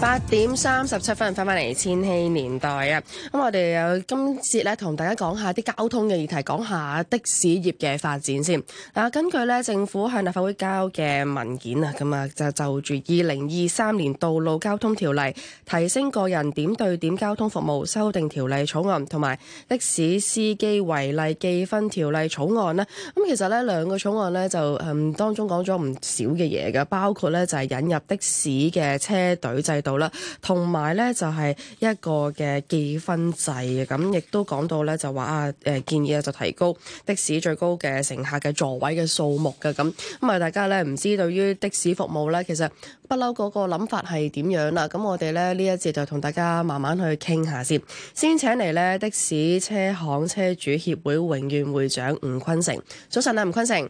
八點三十七分，翻返嚟《千禧年代》啊！咁我哋今次咧，同大家講下啲交通嘅議題，講下的士業嘅發展先。嗱，根據咧政府向立法會交嘅文件啊，咁啊就就住二零二三年道路交通條例提升個人點對點交通服務修訂條例草案，同埋的士司機違例記分條例草案咧。咁其實咧兩個草案咧就嗯當中講咗唔少嘅嘢嘅，包括咧就係引入的士嘅車隊制度。啦，同埋咧就係一個嘅記分制，咁亦都講到咧就話啊，誒建議就提高的士最高嘅乘客嘅座位嘅數目嘅，咁咁啊大家咧唔知對於的士服務咧，其實不嬲嗰個諗法係點樣啦？咁我哋咧呢一節就同大家慢慢去傾下先，先請嚟咧的士車行車主協會永遠會長吳坤成，早晨啊，吳坤成。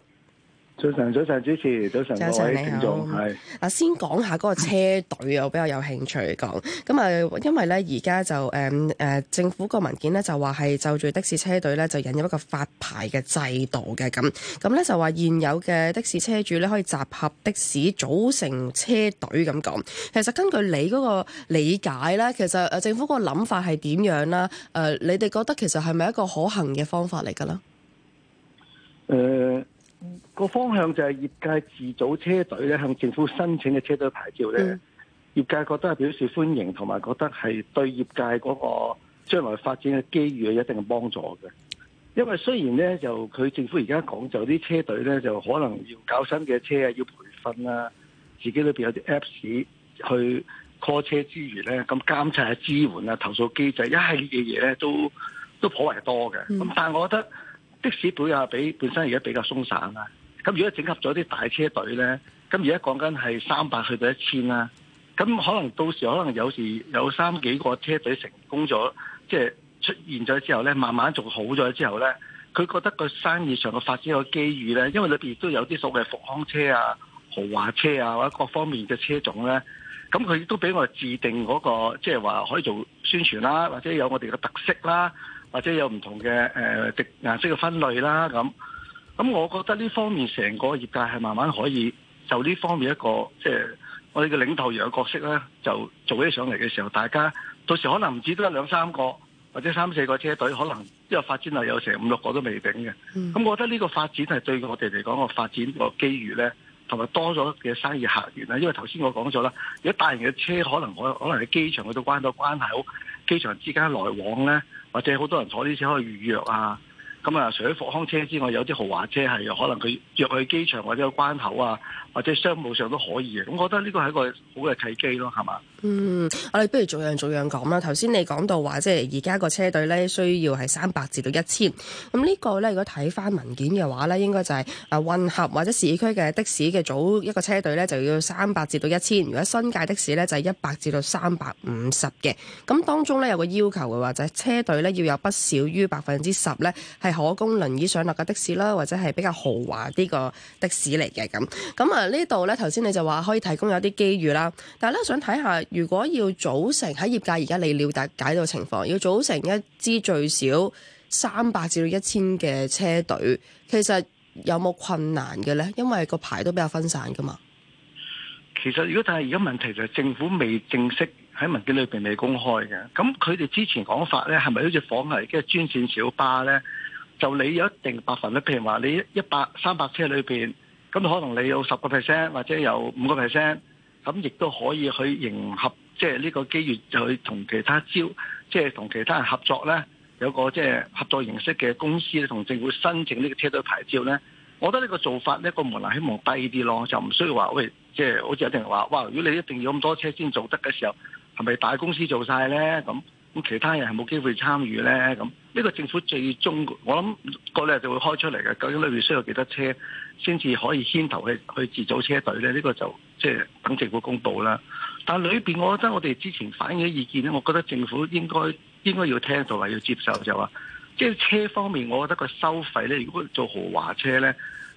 早晨，早晨，主持，早晨，早晨上，你好好，係嗱是，先講下嗰個車隊，我比較有興趣講。咁啊，因為咧而家就誒誒、嗯呃，政府個文件咧就話係就住的士車隊咧，就引入一個發牌嘅制度嘅。咁咁咧就話現有嘅的，的士車主咧可以集合的士組成車隊咁講。其實根據你嗰個理解咧，其實誒政府個諗法係點樣啦？誒、呃，你哋覺得其實係咪一個可行嘅方法嚟噶啦？誒、呃。個方向就係業界自組車隊咧，向政府申請嘅車隊牌照咧，mm. 業界覺得係表示歡迎，同埋覺得係對業界嗰個將來發展嘅機遇係一定嘅幫助嘅。因為雖然咧就佢政府而家講就啲車隊咧就可能要搞新嘅車啊，要培訓啊，自己裏邊有啲 apps 去 call 車之餘咧，咁監察下支援啊、投訴機制一系列嘅嘢咧都都頗為多嘅。咁、mm. 但係我覺得的士配亞比本身而家比較鬆散啦。咁如果整合咗啲大車隊呢，咁而家講緊係三百去到一千啦。咁可能到時可能有時有三幾個車隊成功咗，即係出現咗之後呢，慢慢做好咗之後呢，佢覺得個生意上個發展個機遇呢，因為裏面都有啲所謂復康車啊、豪華車啊或者各方面嘅車種呢。咁佢亦都俾我制定嗰個即係話可以做宣傳啦，或者有我哋嘅特色啦，或者有唔同嘅誒顏色嘅分類啦咁。咁我覺得呢方面成個業界係慢慢可以就呢方面一個即係、就是、我哋嘅領頭羊嘅角色咧，就做起上嚟嘅時候，大家到時可能唔止得兩三個或者三四個車隊，可能因為發展係有成五六個都未定嘅。咁、嗯、我覺得呢個發展係對我哋嚟講個發展個機遇咧，同埋多咗嘅生意客源啦。因為頭先我講咗啦，如果大型嘅車可能我可能喺機場去到關到關好機場之間來往咧，或者好多人坐啲車可以預約啊。咁啊，除咗復康車之外，有啲豪華車係可能佢約去機場或者個關口啊，或者商務上都可以嘅。咁我覺得呢個係一個好嘅契機咯，係嘛。嗯。我哋，啊，不如做樣做樣講啦。頭先你講到話，即係而家個車隊咧需要係三百至到一千。咁呢個咧，如果睇翻文件嘅話咧，應該就係啊混合或者市區嘅的，的士嘅組一個車隊咧，就要三百至到一千。1000，如果新界的士咧，就係一百至到三百五十嘅。咁當中咧有個要求嘅話，就係、是、車隊咧要有不少於百分之十咧係可供輪椅上落嘅的，的士啦，或者係比較豪華啲個的士嚟嘅咁。咁啊呢度咧頭先你就話可以提供有啲機遇啦。但係咧想睇下，如果要組成，喺業界而家你了解到情況，要組成一支最少三百至到一千嘅車隊，其實有冇困難嘅咧？因為個牌都比較分散噶嘛。其實如果但係而家問題就係政府未正式喺文件裏邊未公開嘅，咁佢哋之前講法咧，係咪好似仿係嘅專線小巴咧？就你有一定百分率，譬如話你一百三百車裏邊，咁可能你有十個 percent 或者有五個 percent，咁亦都可以去迎合。即係呢個機遇就去同其他招，即係同其他人合作咧，有個即係合作形式嘅公司咧，同政府申請呢個車隊牌照咧。我覺得呢個做法呢個門檻希望低啲咯，就唔需要話喂，即係好似有啲人話，哇！如果你一定要咁多車先做得嘅時候，係咪大公司做晒咧？咁咁其他人係冇機會參與咧？咁呢個政府最終我諗個例就會開出嚟嘅，究竟裏面需要幾多車先至可以牽頭去去自組車隊咧？呢個就即係等政府公佈啦。但裏面我覺得我哋之前反映嘅意見咧，我覺得政府應該應該要聽到，或者要接受就，就話即係車方面，我覺得個收費咧，如果做豪華車咧，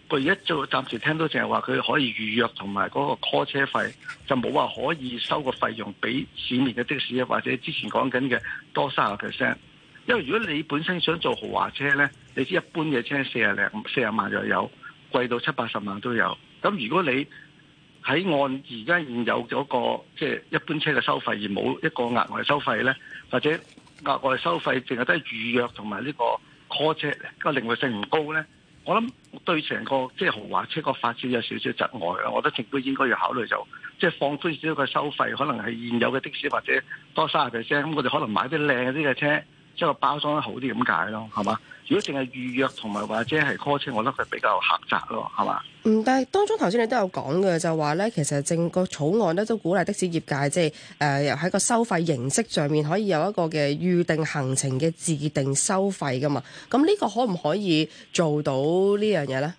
佢而家做暫時聽到淨係話佢可以預約同埋嗰個 call 車費，就冇話可以收個費用畀市面嘅的，的士或者之前講緊嘅多三十 percent。因為如果你本身想做豪華車咧，你知一般嘅車四廿零、四十萬就有，貴到七八十萬都有。咁如果你喺按而家現有咗個即係、就是、一般車嘅收費，而冇一個額外收費咧，或者額外收費淨係得預約同埋呢個 call 車嘅靈活性唔高咧，我諗對成個即係豪華車個發展有少少窒礙啊！我覺得政府應該要考慮就即係、就是、放寬少少嘅收費，可能係現有嘅的士或者多三十 percent，咁我哋可能買啲靚啲嘅車。即係個包裝得好啲咁解咯，係嘛？如果淨係預約同埋話，或者係 call 車，我覺得佢比較狹窄咯，係嘛？嗯，但係當中頭先你都有講嘅，就話咧，其實正個草案咧都鼓勵的士業界即係誒喺個收費形式上面可以有一個嘅預定行程嘅自定收費噶嘛。咁呢個可唔可以做到呢樣嘢咧？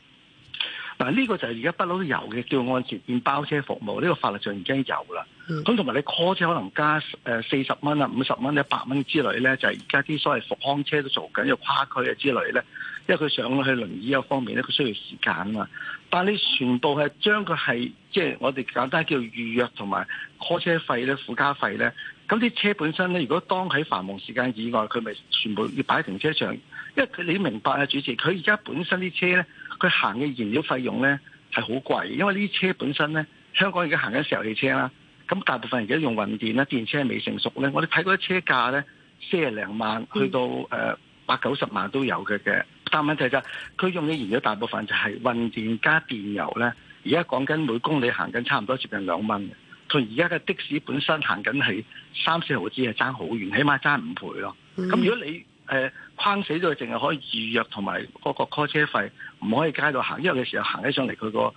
但，呢個就係而家不嬲都有嘅叫按時便包車服務，呢、這個法律上已經有啦。咁同埋你 call 車可能加誒四十蚊啊、五十蚊、一百蚊之類咧，就係而家啲所謂復康車都做緊要、這個、跨區啊之類咧。因為佢上去輪椅嗰方面咧，佢需要時間啊嘛。但你全部係將佢係即係我哋簡單叫預約同埋拖車費咧、附加費咧。咁啲車本身咧，如果當喺繁忙時間以外，佢咪全部要擺喺停車場。因為你明白啊，主持，佢而家本身啲車咧，佢行嘅燃料費用咧係好貴，因為呢啲車本身咧，香港而家行緊石油汽車啦。咁大部分而家用混電啦，電車未成熟咧。我哋睇嗰啲車價咧，四廿零萬去到誒、嗯、百九十萬都有嘅嘅。三蚊就係、是、佢用嘅燃料大部分就係運電加電油咧。而家講緊每公里行緊差唔多接近兩蚊，同而家嘅的士本身行緊係三四毫子，係爭好遠，起碼爭五倍咯。咁、mm hmm. 如果你誒、呃、框死咗，淨係可以預約同埋嗰個 call 車費，唔可以街度行，因為嘅時候行起上嚟佢個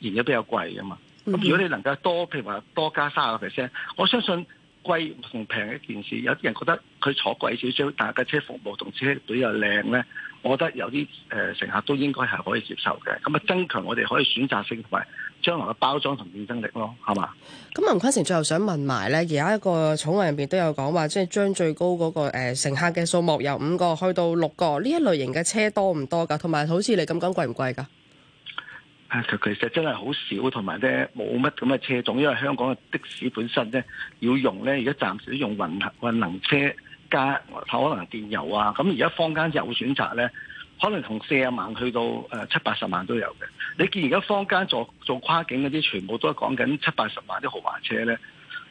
燃料比較貴啊嘛。咁、mm hmm. 如果你能夠多譬如話多加三十個 percent，我相信。貴同平一件事，有啲人覺得佢坐貴少少，但係架車服務同車隊又靚咧。我覺得有啲誒乘客都應該係可以接受嘅。咁啊，增強我哋可以選擇性同埋將來嘅包裝同競爭力咯，係嘛？咁吳坤成最後想問埋咧，而家一個草案入邊都有講話，即係將最高嗰個誒乘客嘅數目由五個去到六個。呢一類型嘅車多唔多噶同埋好似你咁講，貴唔貴噶其實真係好少，同埋咧冇乜咁嘅車種，因為香港嘅的，的士本身咧要用咧，而家暫時都用運運能車加，可能電油啊。咁而家坊間有選擇咧，可能從四啊萬去到七八十萬都有嘅。你見而家坊間做做跨境嗰啲，全部都講緊七八十萬啲豪華車咧，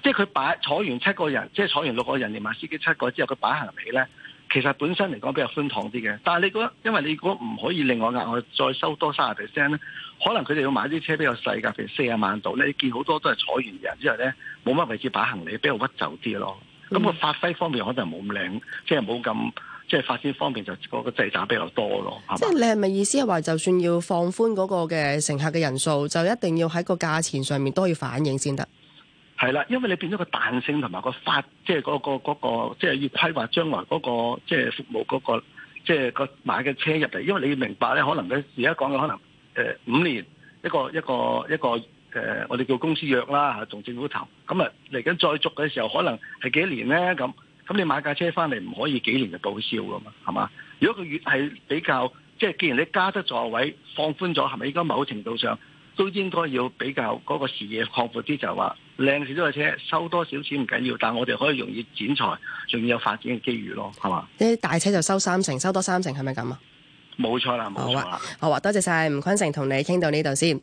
即係佢擺坐完七個人，即係坐完六個人連埋司機七個之後，佢擺行李咧。其實本身嚟講比較寬敞啲嘅，但係你覺得因為你如果唔可以另外額外再收多三十 percent 咧，可能佢哋要買啲車比較細㗎，譬如四十萬度咧，你見好多都係坐完人之後咧，冇乜位置擺行李，比較屈就啲咯。咁個、嗯、發揮方面可能冇咁靚，即係冇咁即係發展方面就個制裁比較多咯，係嘛？即係你係咪意思係話，就算要放寬嗰個嘅乘客嘅人數，就一定要喺個價錢上面都要反映先得？係啦，因為你變咗個彈性同埋個法，即係嗰、嗰個嗰、嗰個嗰個，即係要規劃將來嗰個即係服務嗰個，即係、嗰個即係買嘅車入嚟。因為你要明白咧，可能咧而家講嘅可能呃、五年一個一個一個、呃、我哋叫公司約啦同政府談咁啊嚟緊再續嘅時候，可能係幾年咧咁。咁你買架車翻嚟唔可以幾年就報銷㗎嘛？係嘛？如果佢越係比較，即係既然你加得座位放寬咗，係咪應該某程度上？都應該要比較嗰個視野擴闊啲，就係話靚少少嘅車收多少錢唔緊要，但係我哋可以容易剪裁，仲要有發展嘅機遇咯，係嘛？啲大車就收三成，收多三成係咪咁啊？冇錯啦，冇錯啦。好啊，好啊，多謝晒吳坤成同你傾到呢度先。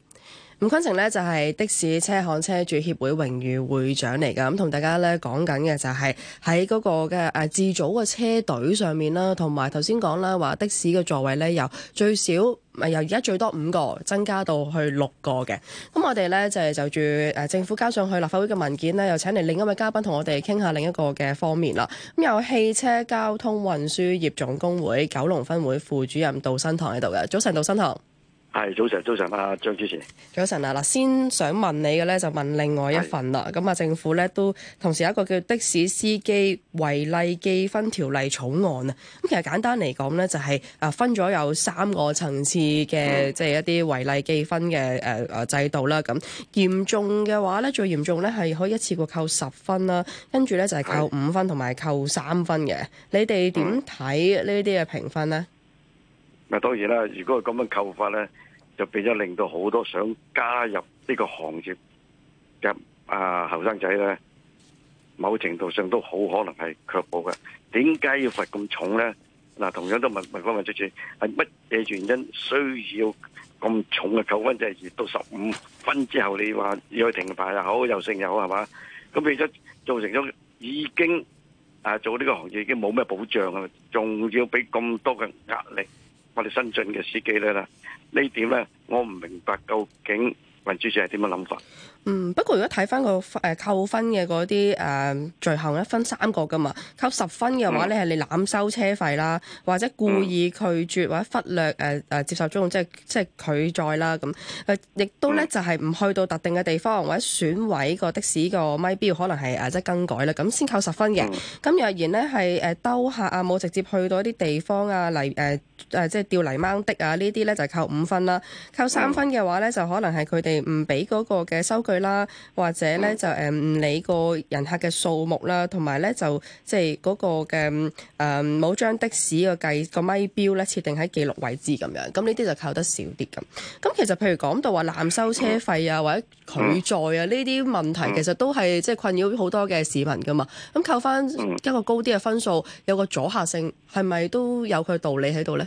吳坤成呢，就係、是、的士車行車主協會榮譽會長嚟噶，咁同大家咧講緊嘅就係喺嗰個嘅誒、啊、自組嘅車隊上面啦，同埋頭先講啦，話的士嘅座位咧由最少咪、啊、由而家最多五個增加到去六個嘅，咁我哋咧就就住誒政府交上去立法會嘅文件呢，又請嚟另一位嘉賓同我哋傾下另一個嘅方面啦。咁由汽車交通運輸業總工會九龍分會副主任杜燊棠喺度嘅，早晨，杜燊棠。係早晨，早晨，阿張主持。早晨啊，嗱，先想問你嘅咧，就問另外一份啦。咁啊的，政府咧都同時有一個叫的士司機違例記分條例草案啊。咁其實簡單嚟講咧，就係啊，分咗有三個層次嘅，即係一啲違例記分嘅誒誒制度啦。咁嚴的重嘅話咧，最嚴重咧係可以一次過扣十分啦。跟住咧就係扣五分同埋扣三分嘅。是的你哋點睇呢啲嘅評分呢？嗱，當然啦，如果咁樣扣法咧。就變咗令到好多想加入呢個行業嘅啊後生仔咧，某程度上都好可能係卻步嘅。點解要罰咁重咧？嗱、啊，同樣都問問翻問出處，係乜嘢原因需要咁重嘅扣分制、就係、到十五分之後，你話要去停牌又好，又剩又好係嘛？咁變咗造成咗已經啊做呢個行業已經冇咩保障㗎喇，仲要俾咁多嘅壓力，我哋新進嘅司機咧啦～呢點咧，我唔明白究竟鄧主席係點樣諗法？嗯，不過如果睇翻個誒扣分嘅嗰啲誒罪行咧，呃、最後一分三個噶嘛，扣十分嘅話咧係、嗯、你濫收車費啦，或者故意拒絕或者忽略誒、呃、接受租用，即係即係拒載啦咁。亦、呃、都咧就係、是、唔去到特定嘅地方或者損毀個的，的士個咪表，可能係、呃、即係更改啦。咁先扣十分嘅，咁、嗯嗯、若然咧係誒兜客啊冇直接去到一啲地方啊，嚟誒、呃啊、即係吊泥鯭的啊呢啲咧就係、是、扣五分啦。扣三分嘅話咧就可能係佢哋唔俾嗰個嘅收據。啦，或者咧就誒唔理個人客嘅數目啦，同埋咧就即係嗰個嘅誒，唔好、嗯、將的士個計個米標咧設定喺記錄位置咁樣，咁呢啲就扣得少啲咁。咁其實譬如講到話濫收車費啊，嗯、或者拒載啊呢啲問題，其實都係即係困擾好多嘅市民噶嘛。咁扣翻一個高啲嘅分數，嗯、有個阻嚇性係咪都有佢道理喺度咧？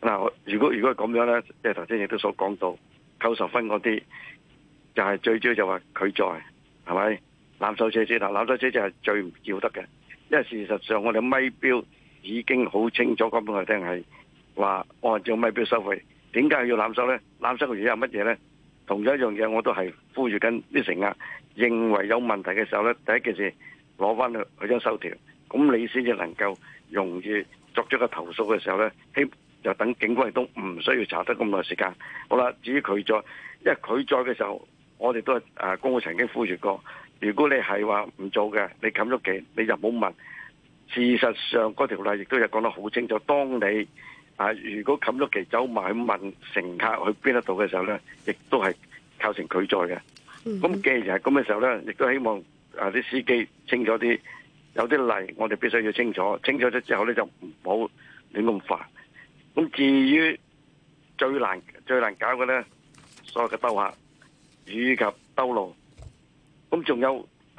嗱，如果如果係咁樣咧，即係頭先亦都所講到扣十分嗰啲。就係最主要就話拒載係咪攬收車車？嗱，攬收車就係最唔要得嘅，因為事實上我哋咪標已經好清楚講俾我聽，係話按照咪標收費，點解要攬收咧？攬收嘅原因乜嘢咧？同樣一樣嘢我都係呼籲緊啲乘客，認為有問題嘅時候咧，第一件事攞翻去佢張收條，咁你先至能夠容易作出個投訴嘅時候咧，希就等警官亦都唔需要查得咁耐時間。好啦，至於拒載，因為拒載嘅時候。我哋都係誒，工會曾經呼籲過。如果你係話唔做嘅，你冚咗旗，你就唔好問。事實上，嗰條例亦都有講得好清楚。當你啊，如果冚咗旗走埋去問乘客去邊一度嘅時候咧，亦都係構成拒載嘅。咁、mm hmm. 既然係咁嘅時候咧，亦都希望啊啲司機清，清楚啲。有啲例，我哋必須要清楚。清，清楚咗之後咧，就唔好亂咁煩。咁至於最難最難搞嘅咧，所有嘅兜客。以及兜路，咁仲有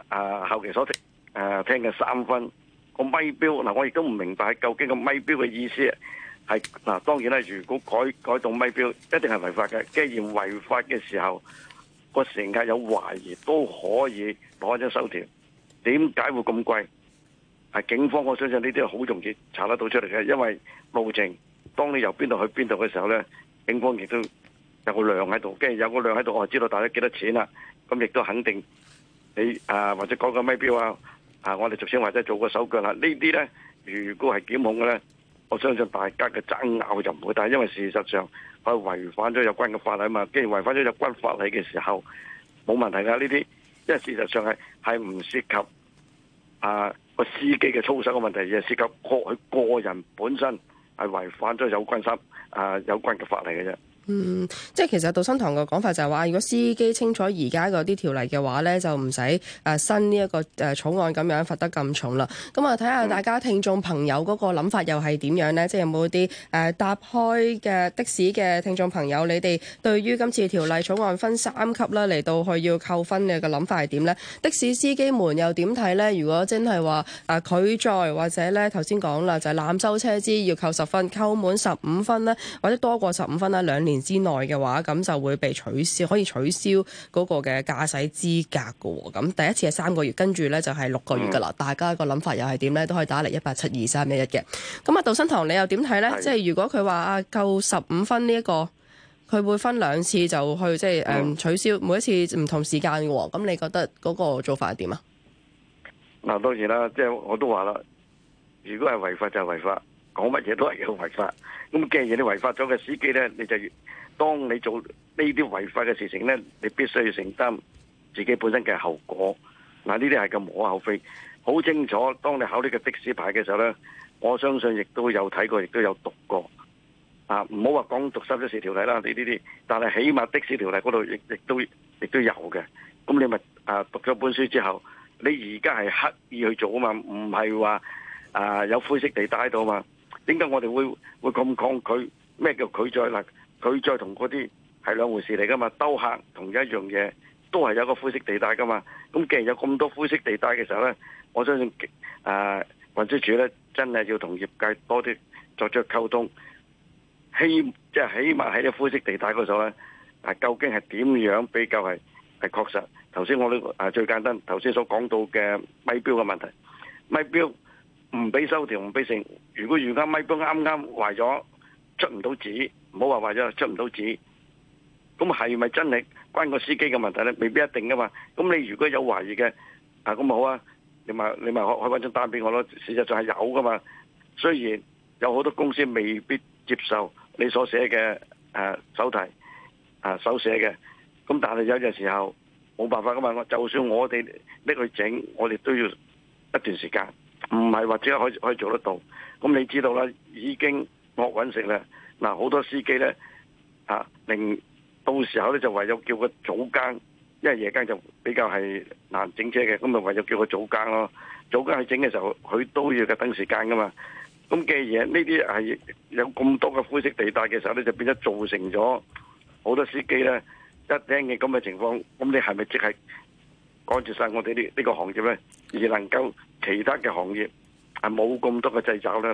啊、呃，後期所聽誒、呃、聽嘅三分個咪表嗱，我亦都唔明白究竟個咪表嘅意思啊。嗱、呃，當然啦，如果改改動咪表一定係違法嘅。既然違法嘅時候個乘客有懷疑，都可以攞張收條。點解會咁貴？係、呃、警方，我相信呢啲係好容易查得到出嚟嘅，因為路程當你由邊度去邊度嘅時候咧，警方亦都，有個量喺度，跟住有個量喺度，我就知道大家幾多錢啦。咁亦都肯定你啊，或者講個咪錶啊，啊，我哋頭先或者做個手腳啦。這些呢啲咧，如果係檢控嘅咧，我相信大家嘅爭拗就唔會大。但係因為事實上係違反咗有關嘅法例啊嘛。既然違反咗有關法例嘅時候，冇問題噶呢啲，因為事實上係係唔涉及啊個司機嘅操守嘅問題，而係涉及個佢個人本身係違反咗有關心啊有關嘅法例嘅啫。嗯，即係其實杜燊棠嘅講法就係、是、話，如果司機清楚而家嗰啲條例嘅話咧，就唔使誒新呢一個誒草案咁樣罰得咁重啦。咁啊，睇下大家聽眾朋友嗰個諗法又係點樣咧？即係有冇啲誒搭開嘅的、的士嘅聽眾朋友，你哋對於今次條例草案分三級啦，嚟到去要扣分嘅個諗法係點咧？的士司機們又點睇咧？如果真係話誒拒載或者咧頭先講啦，就係、是、濫收車資要扣十分，扣滿十五分咧，或者多過十五分啦，兩年之內嘅話，咁就會被取消，可以取消嗰個嘅駕駛資格噶、哦。咁第一次係三個月，跟住呢就係六個月噶啦。嗯、大家個諗法又係點呢？都可以打嚟一八七二三一一嘅。咁啊，杜燊棠，你又點睇呢？是即係如果佢話啊夠十五分呢、這、一個，佢會分兩次就去即係、嗯、取消，每一次唔同時間嘅、哦。咁你覺得嗰個做法係點啊？嗱，當然啦，即係我都話啦，如果係違法就違法。就是違法講乜嘢都係有違法，咁既然你違法咗嘅司機咧，你就當你做呢啲違法嘅事情咧，你必須要承擔自己本身嘅後果。嗱，呢啲係咁無可厚非，好清楚。當你考呢個的士牌嘅時候咧，我相信亦都有睇過，亦都有讀過。啊，唔好話講讀三十四條例啦，你呢啲，但係起碼的士條例嗰度亦亦都亦都有嘅。咁你咪啊讀咗本書之後，你而家係刻意去做啊嘛，唔係話啊有灰色地帶喺度啊嘛。點解我哋會會咁抗拒？咩叫拒載啦？拒載同嗰啲係兩回事嚟噶嘛？兜客同一樣嘢都係有個灰色地帶噶嘛？咁既然有咁多灰色地帶嘅時候咧，我相信誒、啊、運輸署咧真係要同業界多啲作出溝通，起即係、就是、起碼喺啲灰色地帶嗰度咧，啊究竟係點樣比較係係確實？頭先我哋誒、啊、最簡單頭先所講到嘅咪標嘅問題，咪標。唔俾收條，唔俾成。如果而家咪錶啱啱壞咗，出唔到紙，唔好話壞咗出唔到紙。咁係咪真係關個司機嘅問題咧？未必一定噶嘛。咁你如果有懷疑嘅，啊咁好啊，你咪你咪可可揾張單俾我咯。事實上係有噶嘛。雖然有好多公司未必接受你所寫嘅誒手提啊手寫嘅，咁但係有陣時候冇辦法噶嘛。我就算我哋拎去整，我哋都要一段時間。唔係或者可以可以做得到，咁你知道啦，已經惡搵食啦。嗱，好多司機咧，吓，令到時候咧就唯有叫個早更，因為夜更就比較係難整車嘅，咁咪唯有叫個早更咯。早更去整嘅時候，佢都要嘅等時間㗎嘛。咁既然呢啲係有咁多嘅灰色地帶嘅時候咧，就變咗造成咗好多司機咧一聽嘅咁嘅情況，咁你係咪即係？趕住曬我哋呢呢個行業呢，而能夠其他嘅行業係冇咁多嘅製造咧。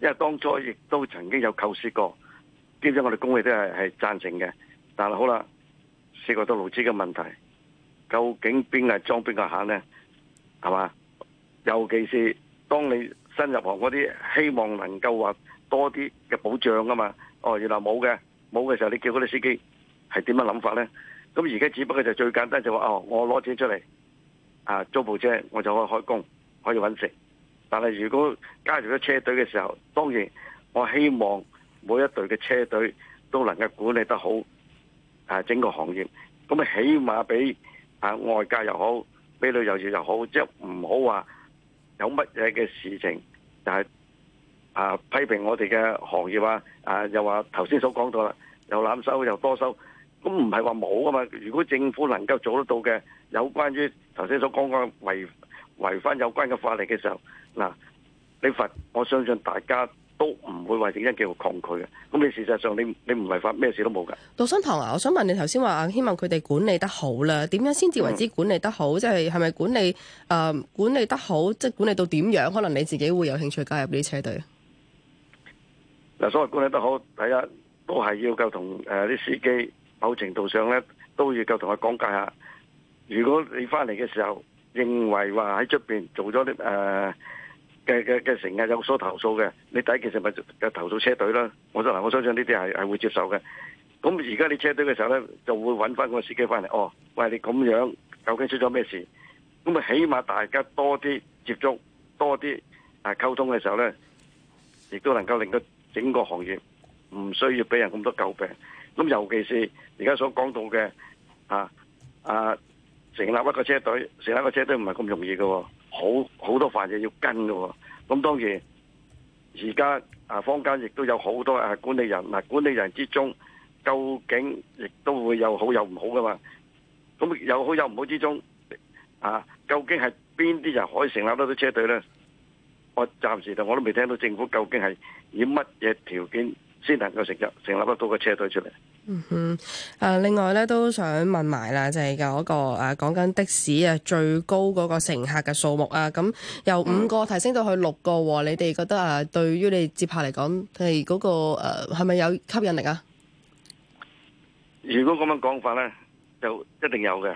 因為當初亦都曾經有構思過，基本上我哋工會都係係贊成嘅。但係好啦，涉及到勞資嘅問題，究竟邊個裝邊個餡咧？係嘛？尤其是當你新入行嗰啲，希望能夠話多啲嘅保障啊嘛。哦，原來冇嘅，冇嘅時候你叫嗰啲司機係點樣諗法咧？咁而家只不過就是最簡單就話、是、哦，我攞錢出嚟啊，租部車我就可以開工，可以揾食。但係如果加入咗車隊嘅時候，當然我希望每一隊嘅車隊都能夠管理得好，啊整個行業，咁啊起碼俾啊外界又好，俾旅遊業又好，即係唔好話有乜嘢嘅事情，又係啊，啊批評我哋嘅行業啊，啊又話頭先所講到啦，又濫收又多收，咁唔係話冇啊嘛，如果政府能夠做得到嘅，有關於頭先所講過違違反有關嘅法例嘅時候。嗱，你罰，我相信大家都唔會為點樣叫做抗拒嘅。咁你事實上你你唔違法，咩事都冇噶。杜燊棠啊，我想問你頭先話希望佢哋管理得好啦，點樣先至為之管理得好？即係係咪管理誒、呃、管理得好，即係管理到點樣？可能你自己會有興趣加入呢啲車隊。嗱，所謂管理得好，第一都係要夠同誒啲司機某程度上咧，都要夠同佢講解下。如果你翻嚟嘅時候認為話喺出邊做咗啲誒。呃嘅嘅嘅成日有所投訴嘅，你第一其實咪投訴車隊啦，我嗱我相信呢啲係係會接受嘅。咁而家你車隊嘅時候咧，就會搵翻個司機翻嚟，哦，喂，你咁樣究竟出咗咩事？咁啊，起碼大家多啲接觸，多啲啊溝通嘅時候咧，亦都能夠令到整個行業唔需要俾人咁多詬病。咁尤其是而家所講到嘅啊啊成立一個車隊，成立一個車隊唔係咁容易嘅喎，哦。好好多犯嘢，要跟嘅，咁當然而家啊，坊間亦都有好多啊，管理人，嗱管理人之中，究竟亦都會有好有唔好噶嘛？咁有好有唔好之中，啊，究竟係邊啲人可以成立得到車隊咧？我暫時就我都未聽到政府究竟係以乜嘢條件先能夠成立成立得到個車隊出嚟。嗯哼，啊、另外咧都想問埋啦，就係、是、嗰、那個誒，講、啊、緊的，的士啊，最高嗰個乘客嘅數目啊，咁、嗯、由五個提升到去六個，你哋覺得啊，對於你接客嚟講，係嗰、那個誒，係、啊、咪有吸引力啊？如果咁樣講法咧，就一定有嘅，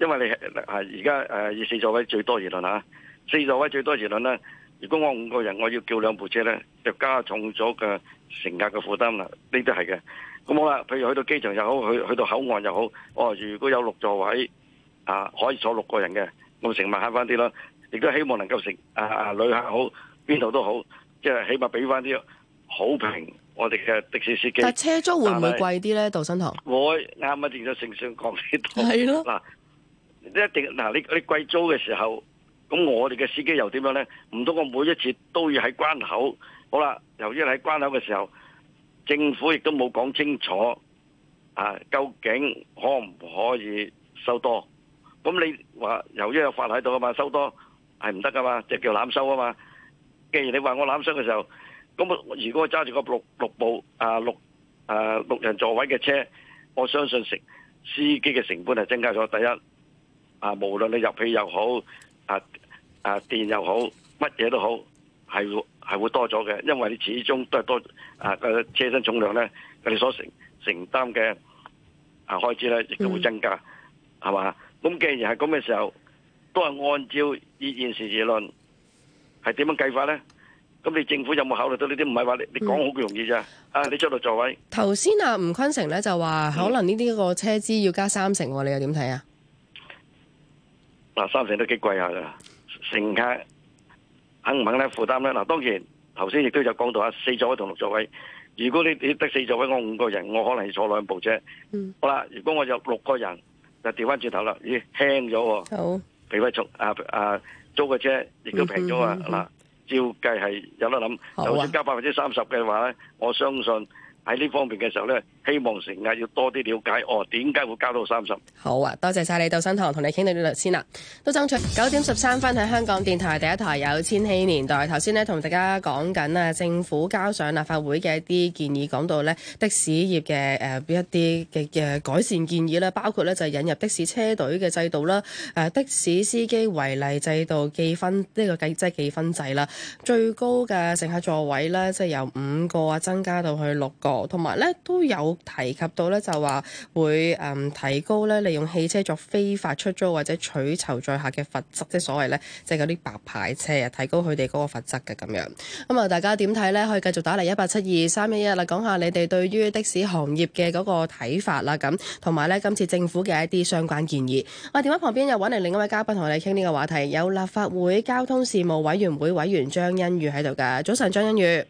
因為你係而家誒以四座位最多言論吓，四座位最多言論咧，如果我五個人我要叫兩部車咧，就加重咗個乘客嘅負擔啦，呢啲係嘅。咁好啦，譬如去到機場又好，去去到口岸又好，哦，如果有六座位，啊，可以坐六個人嘅，咁成物慳翻啲啦。亦都希望能夠成啊啊旅客好，邊度都好，即係起碼俾翻啲好評，我哋嘅的、的士司機。但車租會唔會貴啲咧？是杜燊棠，我啱啱正咗誠信講幾多？係咯。嗱、啊，啊、一定嗱、啊，你你貴租嘅時候，咁我哋嘅司機又點樣咧？唔通我每一次都要喺關口？好啦，由於你喺關口嘅時候。政府亦都冇講清楚，啊，究竟可唔可以收多？咁你話由於有法喺度啊嘛，收多係唔得噶嘛，就叫攬收啊嘛。既然你話我攬收嘅時候，咁我如果揸住個六六部啊六啊六人座位嘅車，我相信成司機嘅成本係增加咗。第一啊，無論你入氣又好啊啊電又好，乜嘢都好，係。係會多咗嘅，因為你始終都係多啊車身重量咧，佢哋所承承擔嘅啊開支咧，亦都會增加，係嘛、嗯？咁既然係咁嘅時候，都係按照以現時而論，係點樣計法咧？咁你政府有冇考慮到呢啲？唔係話你你講好容易咋？嗯、啊，你出到座位。頭先啊，吳坤成咧就話可能呢啲個車資要加三成，你又點睇啊？嗱、嗯，三成都幾貴下噶，乘客。肯唔肯咧？負擔咧？嗱，當然頭先亦都有講到啊，四座位同六座位。如果你你得四座位，我五個人，我可能要坐兩部車。嗯。好啦，如果我有六個人，就調翻轉頭啦，咦，輕咗喎。好。譬如話啊啊租個車，亦都平咗啊。嗱，照計係有得諗。好啊。加百分之三十嘅話咧，我相信。喺呢方面嘅時候呢，希望乘客要多啲了解哦，點解會交到三十？好啊，多謝晒你杜燊棠，同你傾到呢度先啦，都爭取九點十三分喺香港電台第一台有《千禧年代》。頭先呢，同大家講緊啊，政府交上立法會嘅一啲建議，講到呢的士業嘅誒、呃、一啲嘅嘅改善建議咧，包括呢就係、是、引入的士車隊嘅制度啦，誒、呃、的士司機違例制度記分呢、這個計即係記分制啦，最高嘅乘客座位呢，即係由五個啊增加到去六個。同埋咧都有提及到咧，就話會誒、嗯、提高咧利用汽車作非法出租或者取酬載客嘅罰則，即係所謂咧即係嗰啲白牌車啊，提高佢哋嗰個罰則嘅咁樣。咁啊，大家點睇咧？可以繼續打嚟一八七二三一一啦，講下你哋對於的士行業嘅嗰個睇法啦，咁同埋咧今次政府嘅一啲相關建議。我哋電話旁邊又搵嚟另一位嘉賓同我哋傾呢個話題，有立法會交通事務委員會委員張欣宇喺度噶。早晨，張欣宇。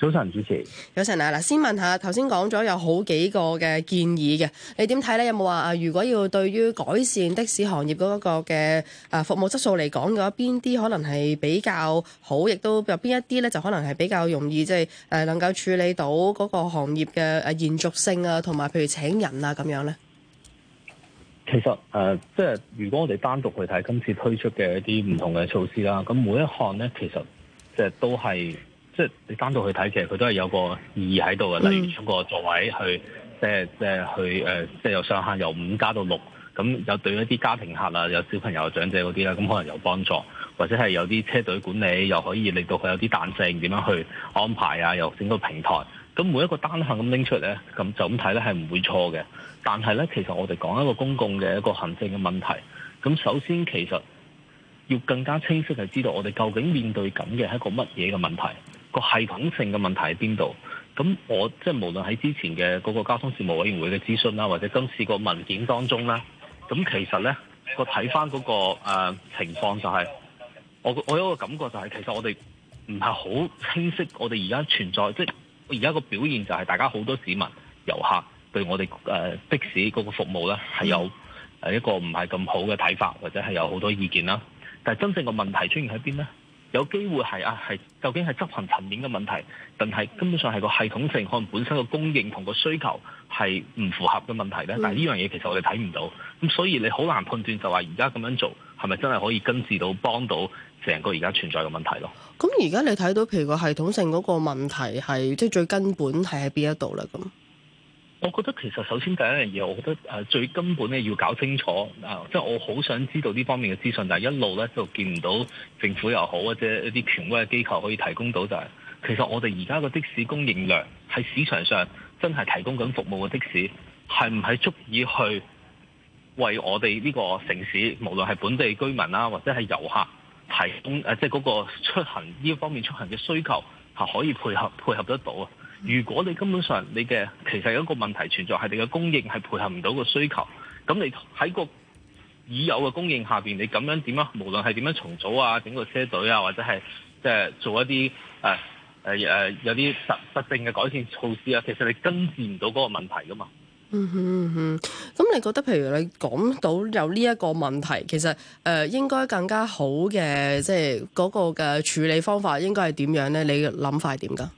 早晨，主持。早晨啊，嗱，先問下，頭先講咗有好幾個嘅建議嘅，你點睇咧？有冇話啊？如果要對於改善的士行業嗰個嘅誒服務質素嚟講嘅話，邊啲可能係比較好？亦都有邊一啲咧，就可能係比較容易，即係誒能夠處理到嗰個行業嘅誒延續性啊，同埋譬如請人啊咁樣咧。其實誒、呃、即係如果我哋單獨去睇今次推出嘅一啲唔同嘅措施啦，咁每一項咧，其實即係都係。即係你單獨去睇，其實佢都係有個意義喺度嘅。例如出個座位去，即係即係去、呃、即係由上限由五加到六，咁又對一啲家庭客啊，有小朋友、有長者嗰啲啦，咁可能有幫助，或者係有啲車隊管理又可以令到佢有啲彈性，點樣去安排啊，又整個平台。咁每一個單行咁拎出嚟咧，咁就咁睇咧係唔會錯嘅。但係咧，其實我哋講一個公共嘅一個行政嘅問題，咁首先其實要更加清晰係知道我哋究竟面對緊嘅係一個乜嘢嘅問題。個系統性嘅問題喺邊度？咁我即係、就是、無論喺之前嘅嗰個交通事務委員會嘅諮詢啦，或者今次個文件當中啦，咁其實呢，我那個睇返嗰個情況就係、是，我我有一個感覺就係、是，其實我哋唔係好清晰，我哋而家存在即係而家個表現就係，大家好多市民、遊客對我哋誒、呃、的士嗰個服務呢，係有一個唔係咁好嘅睇法，或者係有好多意見啦。但係真正個問題出現喺邊呢？有機會係啊係，究竟係執行層面嘅問題，定係根本上係個系統性可能本身個供應同個需求係唔符合嘅問題咧？但係呢樣嘢其實我哋睇唔到，咁所以你好難判斷就話而家咁樣做係咪真係可以根治到幫到成個而家存在嘅問題咯？咁而家你睇到譬如個系統性嗰個問題係即係最根本係喺邊一度啦咁？我覺得其實首先第一樣嘢，我覺得誒最根本咧要搞清楚啊，即係我好想知道呢方面嘅資訊，但係一路咧就見唔到政府又好或者一啲權威嘅機構可以提供到就係，其實我哋而家個的士供應量喺市場上真係提供緊服務嘅的士係唔係足以去為我哋呢個城市，無論係本地居民啦或者係遊客提供誒，即係嗰個出行呢方面出行嘅需求係可以配合配合得到啊？如果你根本上你嘅，其實有一個問題存在，係你嘅供應係配合唔到個需求，咁你喺個已有嘅供應下邊你咁樣點啊？無論係點樣重組啊，整個車隊啊，或者係即係做一啲誒誒誒有啲實實質嘅改善措施啊，其實你根治唔到嗰個問題噶嘛。嗯哼嗯哼，咁你覺得譬如你講到有呢一個問題，其實誒、呃、應該更加好嘅，即係嗰個嘅處理方法應該係點樣咧？你諗法點噶？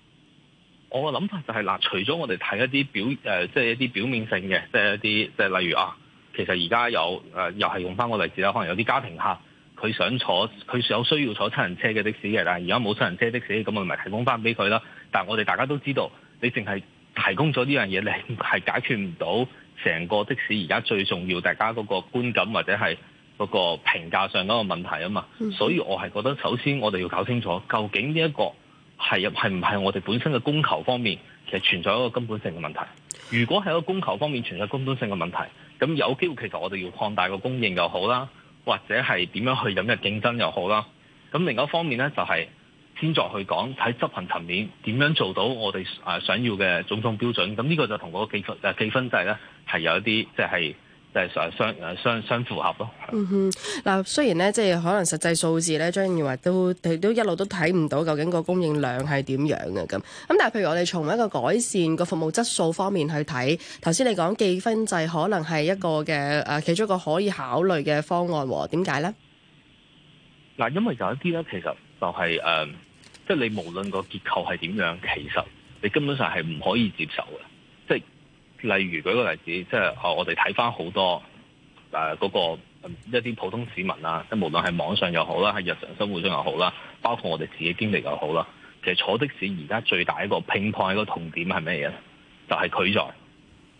我嘅諗法就係嗱，除咗我哋睇一啲表，誒，即係一啲表面性嘅，即係一啲，即係例如啊，其實而家有，誒，又係用翻個例子啦，可能有啲家庭客佢想坐，佢有需要坐七人車嘅的士嘅，但係而家冇七人車的士，咁我咪提供翻俾佢啦。但係我哋大家都知道，你淨係提供咗呢樣嘢，你係解決唔到成個的士而家最重要大家嗰個觀感或者係嗰個評價上嗰個問題啊嘛。所以我係覺得，首先我哋要搞清楚究竟呢一個，係入係唔係我哋本身嘅供求方面，其實存在一個根本性嘅問題。如果係個供求方面存在一個根本性嘅問題，咁有機會其實我哋要擴大個供應又好啦，或者係點樣去引入競爭又好啦。咁另一方面咧，就係、是、先再去講喺執行層面點樣做到我哋啊想要嘅種種標準。咁呢個就同個記分誒、啊、記分制咧係有一啲即係。就是就係相相相相符合咯。嗯哼，嗱，雖然咧，即係可能實際數字咧，張議員都都一路都睇唔到究竟個供應量係點樣嘅。咁咁，但係譬如我哋從一個改善個服務質素方面去睇，頭先你講記分制可能係一個嘅誒，其中一個可以考慮嘅方案喎？點解咧？嗱，因為有一啲咧，其實就係、是、誒，即係你無論個結構係點樣，其實你根本上係唔可以接受嘅。例如舉個例子，即、就、係、是、我哋睇翻好多誒嗰、呃那個、嗯、一啲普通市民啊，即係無論係網上又好啦，係日常生活中又好啦，包括我哋自己經歷又好啦，其實坐的士而家最大一個拼乓一個痛點係咩嘢？就係拒載，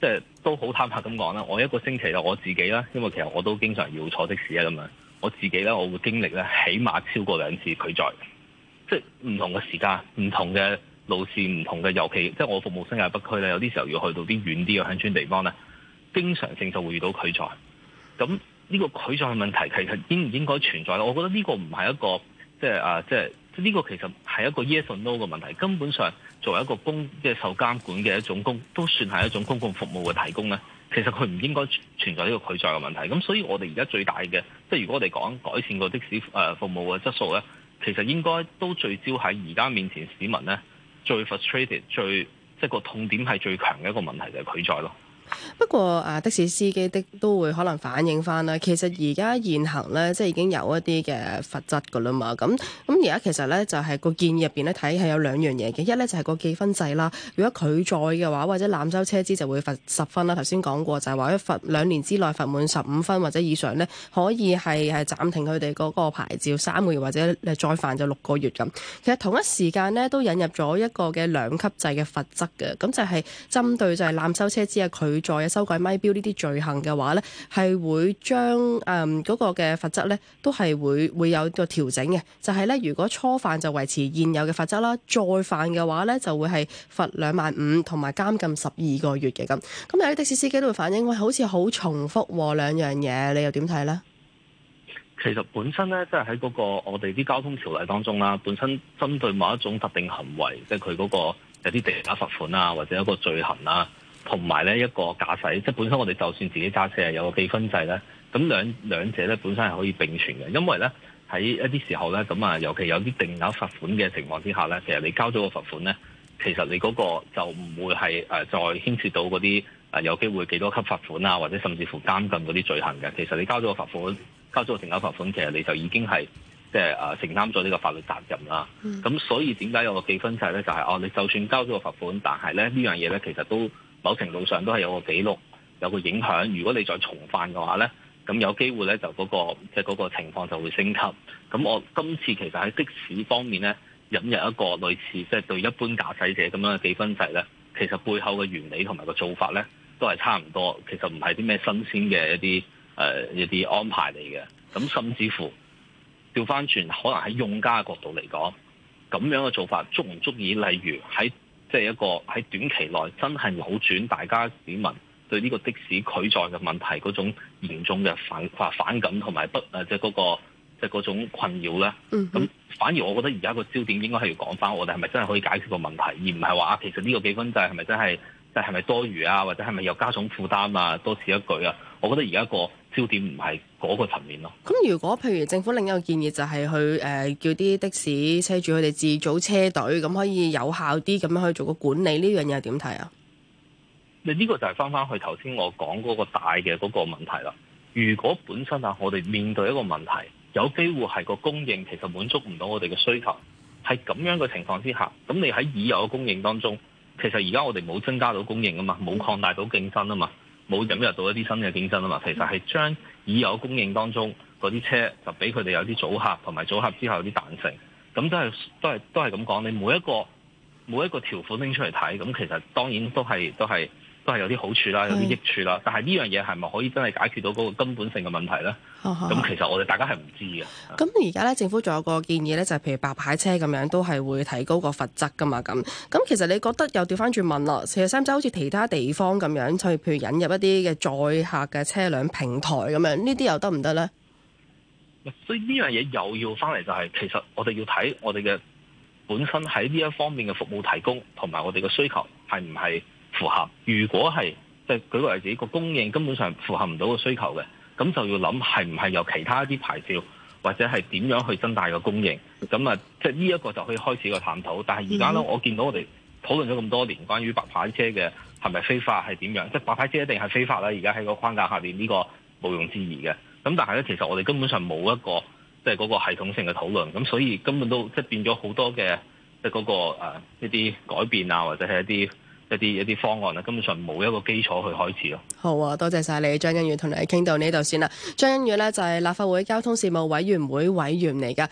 即、就、係、是、都好坦白咁講啦。我一個星期啦，我自己啦，因為其實我都經常要坐的士啊咁樣，我自己咧，我會經歷咧，起碼超過兩次拒載，即係唔同嘅時間，唔同嘅。路線唔同嘅，尤其即係我服務新界北區咧，有啲時候要去到啲遠啲嘅鄉村地方咧，經常性就會遇到拒載。咁呢個拒載嘅問題，其實應唔應該存在咧？我覺得呢個唔係一個即係啊，即係呢、這個其實係一個 yes or no 嘅問題。根本上作為一個公即係、就是、受監管嘅一種公，都算係一種公共服務嘅提供咧。其實佢唔應該存在呢個拒載嘅問題。咁所以我哋而家最大嘅，即係如果我哋講改善個的、的士誒服務嘅質素咧，其實應該都聚焦喺而家面前市民咧。最 frustrated 最、最即係個痛點係最強嘅一個問題就係拒載咯。不過啊，的士司機的都會可能反映翻啦。其實而家現行咧，即係已經有一啲嘅罰則噶啦嘛。咁咁而家其實咧就係、是、個建議入邊咧睇係有兩樣嘢嘅。一咧就係、是、個記分制啦。如果拒載嘅話，或者濫收車資就會罰十分啦。頭先講過就係話一罰兩年之內罰滿十五分或者以上咧，可以係係暫停佢哋嗰個牌照三個月，或者再犯就六個月咁。其實同一時間咧都引入咗一個嘅兩級制嘅罰則嘅。咁就係針對就係濫收車資啊佢。再修改咪表呢啲罪行嘅話是將、嗯那個、的呢係會將誒嗰個嘅罰則呢都係會會有個調整嘅。就係、是、呢，如果初犯就維持現有嘅罰則啦，再犯嘅話呢就會係罰兩萬五同埋監禁十二個月嘅咁。咁有啲的士司機都會反映「喂，好似好重複兩、啊、樣嘢，你又點睇呢？」其實本身呢，即係喺嗰個我哋啲交通條例當中啦，本身針對某一種特定行為，即係佢嗰個有啲地價罰款啊，或者有一個罪行啊。同埋咧一個駕駛，即係本身我哋就算自己駕車係有個記分制咧，咁兩兩者咧本身係可以並存嘅，因為咧喺一啲時候咧，咁啊尤其有啲定額罰款嘅情況之下咧，其實你交咗個罰款咧，其實你嗰個就唔會係、呃、再牽涉到嗰啲、呃、有機會幾多級罰款啊，或者甚至乎監禁嗰啲罪行嘅。其實你交咗個罰款，交咗個定額罰款，其實你就已經係即係誒承擔咗呢個法律責任啦。咁、嗯、所以點解有個記分制咧？就係、是、哦，你就算交咗個罰款，但係咧呢樣嘢咧，其實都。某程度上都係有個記錄，有個影響。如果你再重犯嘅話呢，咁有機會呢、那個，就、那、嗰個即係嗰個情況就會升級。咁我今次其實喺的士方面呢，引入一個類似即係對一般駕駛者咁樣嘅記分制呢，其實背後嘅原理同埋個做法呢，都係差唔多。其實唔係啲咩新鮮嘅一啲誒、呃、一啲安排嚟嘅。咁甚至乎調翻轉，可能喺用家嘅角度嚟講，咁樣嘅做法足唔足以，例如喺。即係一個喺短期內真係扭轉大家市民對呢個的士拒載嘅問題嗰種嚴重嘅反、反感同埋不、呃、即係嗰個即係嗰種困擾咧。咁反而我覺得而家個焦點應該係要講返我哋係咪真係可以解決個問題，而唔係話啊其實呢個記分制係咪真係？但係咪多餘啊？或者係咪又加重負擔啊？多此一舉啊？我覺得而家個焦點唔係嗰個層面咯。咁如果譬如政府另一個建議就係去誒、呃、叫啲的士車主佢哋自組車隊，咁可以有效啲，咁樣去做個管理，呢樣嘢點睇啊？誒呢個就係翻翻去頭先我講嗰個大嘅嗰個問題啦。如果本身啊，我哋面對一個問題，有機會係個供應其實滿足唔到我哋嘅需求，係咁樣嘅情況之下，咁你喺已有嘅供應當中。其實而家我哋冇增加到供應啊嘛，冇擴大到競爭啊嘛，冇引入到一啲新嘅競爭啊嘛，其實係將已有供應當中嗰啲車就俾佢哋有啲組合，同埋組合之後有啲彈性。咁都係都係都係咁講，你每一個每一個條款拎出嚟睇，咁其實當然都係都係。都係有啲好處啦，有啲益處啦，是的但係呢樣嘢係咪可以真係解決到嗰個根本性嘅問題呢？咁的其實我哋大家係唔知嘅。咁而家呢，政府仲有個建議呢，就係、是、譬如白牌車咁樣，都係會提高個罰則噶嘛。咁咁，其實你覺得又調翻轉問啦，其實甚至好似其他地方咁樣，去譬如引入一啲嘅載客嘅車輛平台咁樣，呢啲又得唔得呢？所以呢樣嘢又要翻嚟、就是，就係其實我哋要睇我哋嘅本身喺呢一方面嘅服務提供，同埋我哋嘅需求係唔係，符合，如果係，即係舉個例子，個供應根本上符合唔到個需求嘅，咁就要諗係唔係由其他啲牌照或者係點樣去增大個供應，咁啊，即係呢一個就可以開始個探討。但係而家咧，我見到我哋討論咗咁多年關於白牌車嘅係咪非法係點樣，即係白牌車一定係非法啦。而家喺個框架下邊呢個毋庸置疑嘅。咁但係咧，其實我哋根本上冇一個即係嗰個系統性嘅討論，咁所以根本都即係變咗好多嘅即係嗰個呃一啲改變啊，或者係一啲。一啲方案根本上冇一個基礎去開始。好啊，多謝晒你張欣宇，同你傾到呢度先啦。張欣宇呢就係立法會交通事務委員會委員嚟㗎。